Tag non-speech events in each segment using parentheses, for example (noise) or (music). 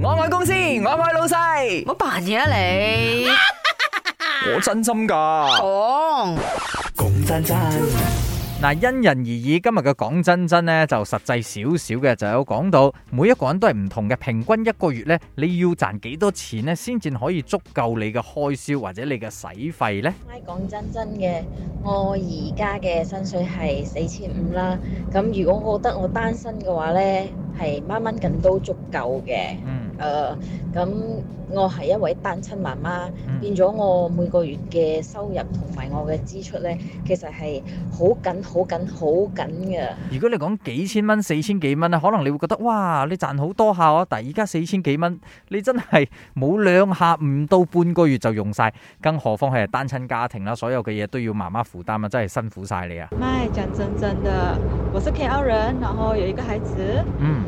我買公司，我買老細，我扮嘢啊！你我真心噶哦講真真嗱，因人而異。今日嘅講真真咧，就實際少少嘅，就有講到每一個人都係唔同嘅。平均一個月咧，你要賺幾多錢咧，先至可以足夠你嘅開銷或者你嘅使費咧？講真真嘅，我而家嘅薪水係四千五啦。咁如果我覺得我單身嘅話咧，係掹掹緊都足夠嘅。誒，咁、呃、我係一位單親媽媽，變咗我每個月嘅收入同埋我嘅支出呢，其實係好緊、好緊、好緊嘅。如果你講幾千蚊、四千幾蚊，可能你會覺得哇，你賺好多下喎，但係而家四千幾蚊，你真係冇兩下，唔到半個月就用晒，更何況係單親家庭啦，所有嘅嘢都要媽媽負擔啊，真係辛苦晒你啊！咪真真真的，我是 K 澳人，然後有一個孩子。嗯。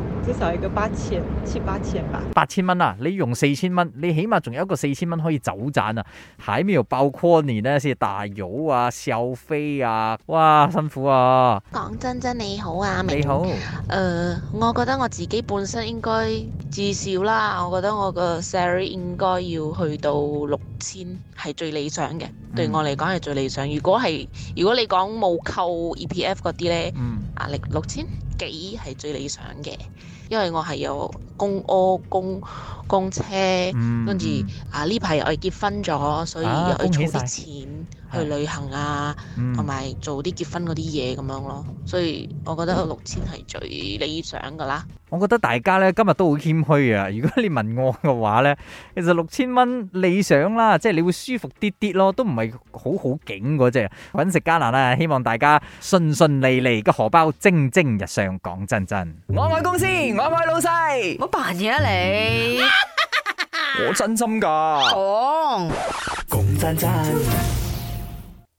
至少一個八千，七八千吧。八千蚊啊，你用四千蚊，你起碼仲有一個四千蚊可以走盞啊！後面又包括你呢？先大肉啊、消費啊，哇，辛苦啊！講真真你好啊，你好。誒好、呃，我覺得我自己本身應該至少啦，我覺得我個 salary 應該要去到六千係最理想嘅，嗯、對我嚟講係最理想。如果係如果你講冇扣 EPF 嗰啲呢，嗯，壓力六千。幾係最理想嘅，因為我係有公屋、公公車，跟住啊呢排我哋結婚咗，所以又可以儲啲錢、啊、去旅行啊，同埋、嗯、做啲結婚嗰啲嘢咁樣咯，所以我覺得六千係最理想噶啦。我覺得大家咧今日都好謙虛啊！如果你問我嘅話咧，其實六千蚊理想啦，即、就、係、是、你會舒服啲啲咯，都唔係好好景嗰隻。揾食艱難啊，希望大家順順利利，個荷包蒸蒸日上。講真真，我愛公司，我愛老細，我扮嘢啊。你、嗯， (laughs) 我真心噶、哦，講講公真真。